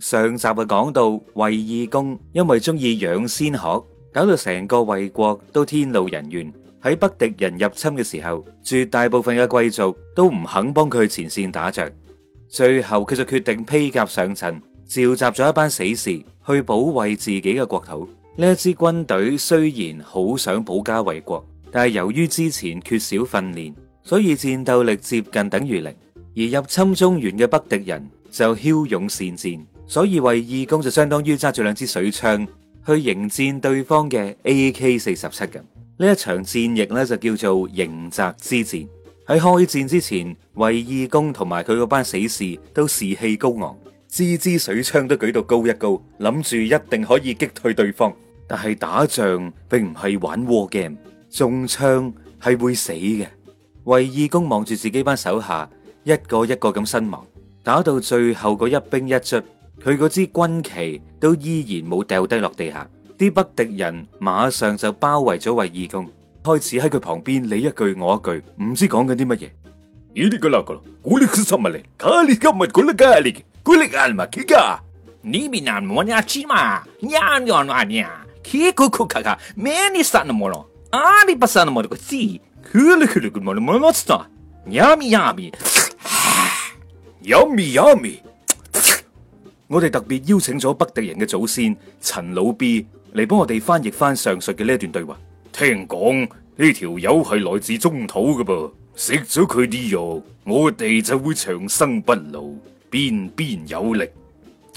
上集啊，講到衛懿公因為中意養仙鶴，搞到成個衛國都天怒人怨。喺北狄人入侵嘅時候，絕大部分嘅貴族都唔肯幫佢前線打仗。最後佢就決定披甲上陣，召集咗一班死士去保衛自己嘅國土。呢支軍隊雖然好想保家衛國，但係由於之前缺少訓練，所以戰鬥力接近等於零。而入侵中原嘅北狄人就驍勇善戰。所以，衛懿公就相當於揸住兩支水槍去迎戰對方嘅 AK 四十七。咁呢一場戰役呢，就叫做迎澤之戰。喺開戰之前，衛懿公同埋佢嗰班死士都士氣高昂，支支水槍都舉到高一高，諗住一定可以擊退對方。但係打仗並唔係玩 war game，中槍係會死嘅。衛懿公望住自己班手下一個一個咁身亡，打到最後嗰一兵一卒，佢嗰支軍旗都依然冇掉低落地下，啲北狄人馬上就包圍咗衛懿公，開始喺佢旁邊你一句我一句，唔知講緊啲乜嘢。我哋特別邀請咗北狄人嘅祖先陳老 B 嚟幫我哋翻譯翻上述嘅呢一段對話。聽講呢條友係來自中土嘅噃，食咗佢啲肉，我哋就會長生不老，邊邊有力。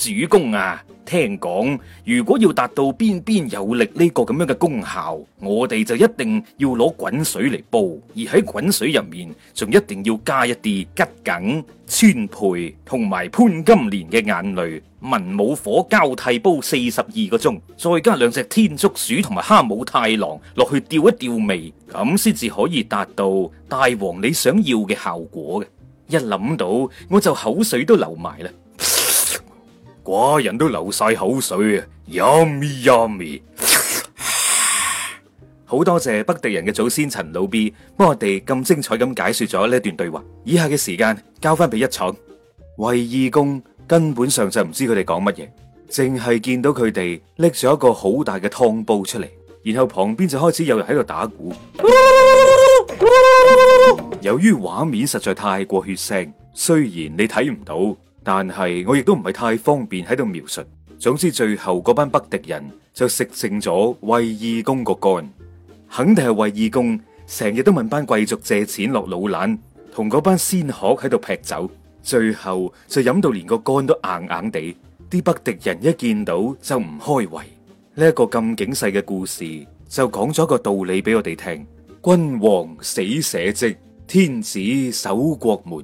主公啊，聽講如果要達到邊邊有力呢個咁樣嘅功效，我哋就一定要攞滾水嚟煲，而喺滾水入面仲一定要加一啲桔梗、川貝同埋潘金蓮嘅眼淚，文武火交替煲四十二個鐘，再加兩隻天竺鼠同埋哈姆太郎落去調一調味，咁先至可以達到大王你想要嘅效果嘅。一諗到我就口水都流埋啦。寡人都流晒口水啊，yummy yummy，好多謝北狄人嘅祖先陳老 B，幫我哋咁精彩咁解說咗呢段對話。以下嘅時間交翻俾一廠，衛懿公根本上就唔知佢哋講乜嘢，淨係見到佢哋拎咗一個好大嘅湯煲出嚟，然後旁邊就開始有人喺度打鼓。 由於畫面實在太過血腥，雖然你睇唔到。但係我亦都唔係太方便喺度描述，總之最後嗰班北狄人就食剩咗衛懿公個肝，肯定係衛懿公成日都問班貴族借錢落老懶，同嗰班仙鶴喺度劈酒，最後就飲到連個肝都硬硬地，啲北狄人一見到就唔開胃。呢、這、一個咁警世嘅故事就講咗個道理俾我哋聽：君王死社稷，天子守國門。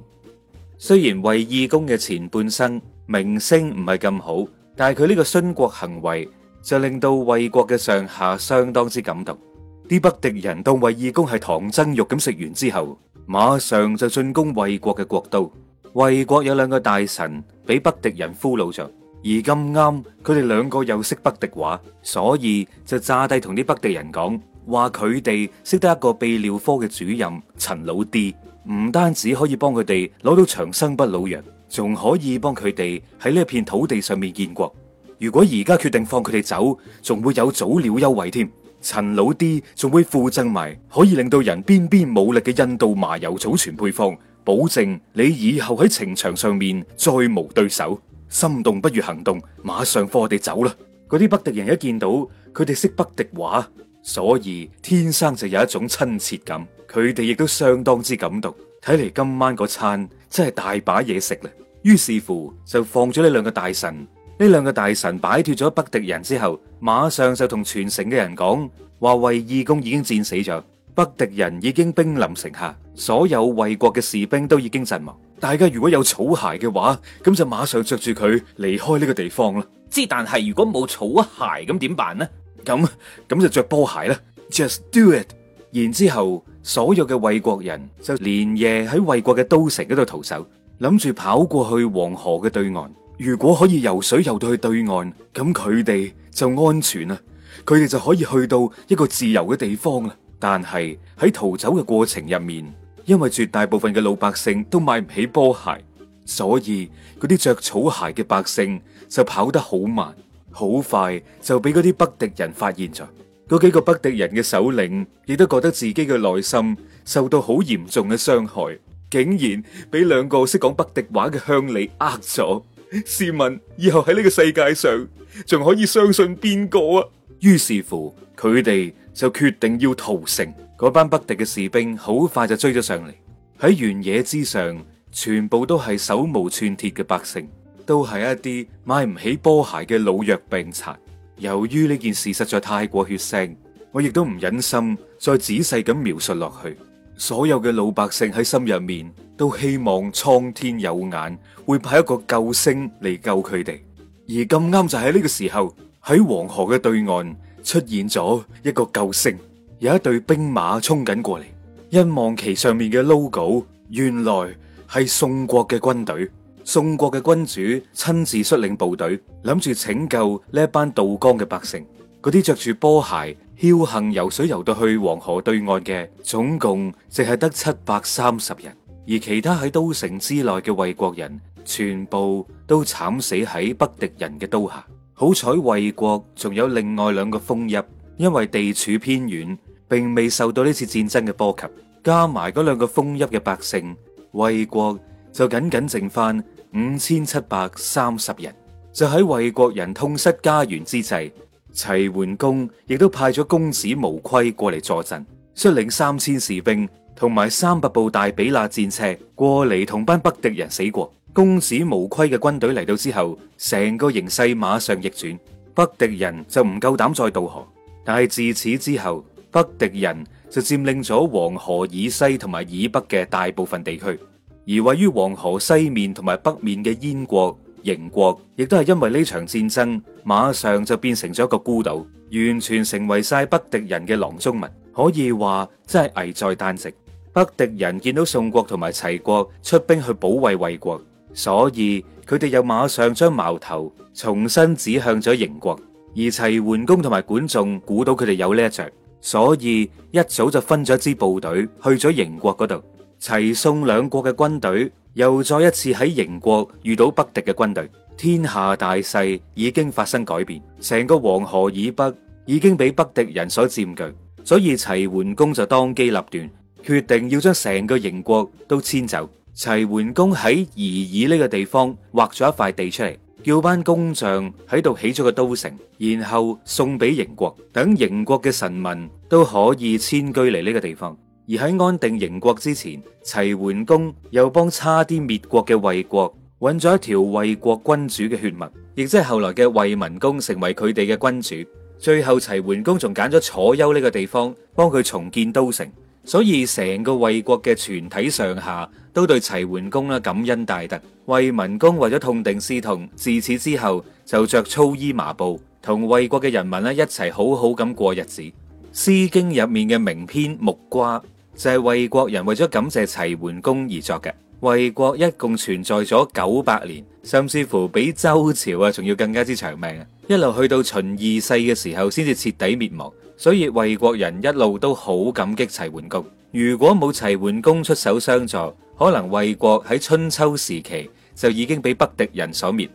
雖然衛懿公嘅前半生名聲唔係咁好，但係佢呢個殉國行為就令到衛國嘅上下相當之感動。啲北狄人當衛懿公係唐僧肉咁食完之後，馬上就進攻衛國嘅國都。衛國有兩個大臣俾北狄人俘虜着，而咁啱佢哋兩個又識北狄話，所以就詐低同啲北狄人講話，佢哋識得一個泌尿科嘅主任，陳老 D。唔單止可以幫佢哋攞到長生不老藥，仲可以幫佢哋喺呢片土地上面建國。如果而家決定放佢哋走，仲會有早鳥優惠添。陳老啲仲會附贈埋可以令到人邊邊武力嘅印度麻油祖傳配方，保證你以後喺情場上面再無對手。心動不如行動，馬上放我哋走啦！嗰啲北狄人一見到佢哋識北狄話，所以天生就有一種親切感。佢哋亦都相當之感動，睇嚟今晚嗰餐真係大把嘢食啦。於是乎就放咗呢兩個大臣。呢兩個大臣擺脫咗北狄人之後，馬上就同全城嘅人講話：衛懿公已經戰死咗，北狄人已經兵臨城下，所有衛國嘅士兵都已經陣亡。大家如果有草鞋嘅話，咁就馬上着住佢離開呢個地方啦。之但係如果冇草鞋咁點辦呢？咁咁就着波鞋啦。Just do it。然之後。所有嘅衛國人就連夜喺衛國嘅都城嗰度逃走，諗住跑過去黃河嘅對岸。如果可以游水游到去對岸，咁佢哋就安全啦，佢哋就可以去到一個自由嘅地方啦。但係喺逃走嘅過程入面，因為絕大部分嘅老百姓都買唔起波鞋，所以嗰啲着草鞋嘅百姓就跑得好慢，好快就俾嗰啲北狄人發現咗。嗰幾個北狄人嘅首領亦都覺得自己嘅內心受到好嚴重嘅傷害，竟然俾兩個識講北狄話嘅鄉里呃咗。試問以後喺呢個世界上仲可以相信邊個啊？於是乎，佢哋就決定要屠城。嗰班北狄嘅士兵好快就追咗上嚟，喺原野之上，全部都係手無寸鐵嘅百姓，都係一啲買唔起波鞋嘅老弱病殘。由於呢件事實在太過血腥，我亦都唔忍心再仔細咁描述落去。所有嘅老百姓喺心入面都希望蒼天有眼，會派一個救星嚟救佢哋。而咁啱就喺呢個時候，喺黃河嘅對岸出現咗一個救星，有一隊兵馬衝緊過嚟，一望其上面嘅 logo，原來係宋國嘅軍隊。宋國嘅君主親自率領部隊，諗住拯救呢一班渡江嘅百姓。嗰啲着住波鞋、僥幸游水游到去黃河對岸嘅，總共淨係得七百三十人。而其他喺都城之內嘅衛國人，全部都慘死喺北狄人嘅刀下。好彩衛國仲有另外兩個封邑，因為地處偏遠，並未受到呢次戰爭嘅波及。加埋嗰兩個封邑嘅百姓，衛國就僅僅剩翻，五千七百三十人。就喺衛國人痛失家園之際，齊桓公亦都派咗公子無虧過嚟助陣，率領三千士兵同埋三百部大比那戰車過嚟同班北狄人死過。公子無虧嘅軍隊嚟到之後，成個形勢馬上逆轉，北狄人就唔夠膽再渡河。但係自此之後，北狄人就佔領咗黃河以西同埋以北嘅大部分地區。而位於黃河西面同埋北面嘅燕國、邢國，亦都係因為呢場戰爭，馬上就變成咗一個孤島，完全成為晒北狄人嘅囊中物。可以話真係危在旦夕。北狄人見到宋國同埋齊國出兵去保衛衛國，所以佢哋又馬上將矛頭重新指向咗邢國。而齊桓公同埋管仲估到佢哋有呢一着，所以一早就分咗一支部隊去咗邢國嗰度。齊宋兩國嘅軍隊又再一次喺邢國遇到北狄嘅軍隊，天下大勢已經發生改變，成個黃河以北已經俾北狄人所佔據，所以齊桓公就當機立斷，決定要將成個邢國都遷走。齊桓公喺夷儀呢個地方劃咗一塊地出嚟，叫班工匠喺度起咗個都城，然後送俾邢國，等邢國嘅臣民都可以遷居嚟呢個地方。而喺安定邢國之前，齊桓公又幫差啲滅國嘅衛國揾咗一條衛國君主嘅血脈，亦即係後來嘅衛文公成為佢哋嘅君主。最後齊桓公仲揀咗楚丘呢個地方幫佢重建都城，所以成個衛國嘅全體上下都對齊桓公啦感恩戴德。衛文公為咗痛定思痛，自此之後就着粗衣麻布，同衛國嘅人民啦一齊好好咁過日子。《詩經》入面嘅名篇《木瓜》。就係衛國人為咗感謝齊桓公而作嘅。衛國一共存在咗九百年，甚至乎比周朝啊仲要更加之長命啊！一路去到秦二世嘅時候，先至徹底滅亡。所以衛國人一路都好感激齊桓公。如果冇齊桓公出手相助，可能衛國喺春秋時期就已經被北狄人所滅。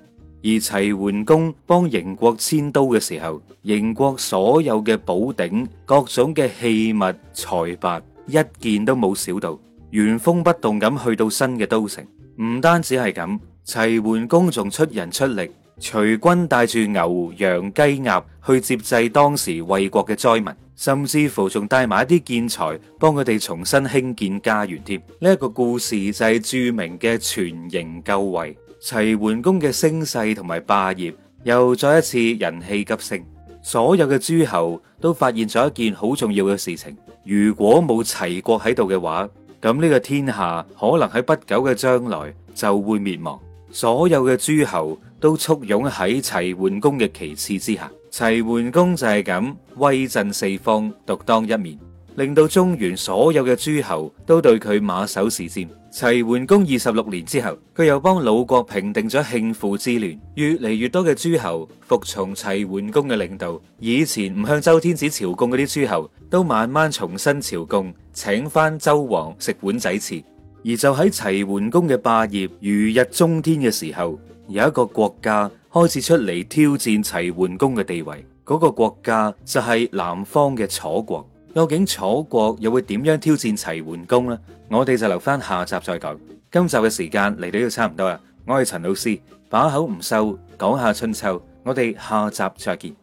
而齊桓公幫邢國遷都嘅時候，邢國所有嘅寶鼎、各種嘅器物、財帛。一件都冇少到，原封不動咁去到新嘅都城。唔單止係咁，齊桓公仲出人出力，隨軍帶住牛羊雞鴨去接濟當時衛國嘅災民，甚至乎仲帶埋一啲建材幫佢哋重新興建家園添。呢、這、一個故事就係著名嘅全營救衛。齊桓公嘅聲勢同埋霸業又再一次人氣急升。所有嘅諸侯都發現咗一件好重要嘅事情，如果冇齊國喺度嘅話，咁呢個天下可能喺不久嘅將來就會滅亡。所有嘅諸侯都簇擁喺齊桓公嘅旗幟之下，齊桓公就係咁威震四方，獨當一面。令到中原所有嘅諸侯都對佢馬首是瞻。齊桓公二十六年之後，佢又幫魯國平定咗慶父之亂。越嚟越多嘅諸侯服從齊桓公嘅領導，以前唔向周天子朝貢嗰啲諸侯，都慢慢重新朝貢，請翻周王食碗仔翅。而就喺齊桓公嘅霸業如日中天嘅時候，有一個國家開始出嚟挑戰齊桓公嘅地位。嗰個國家就係南方嘅楚國。究竟楚國又會點樣挑戰齊桓公呢？我哋就留翻下集再講。今集嘅時間嚟到，都差唔多啦，我係陳老師，把口唔收，講下春秋，我哋下集再見。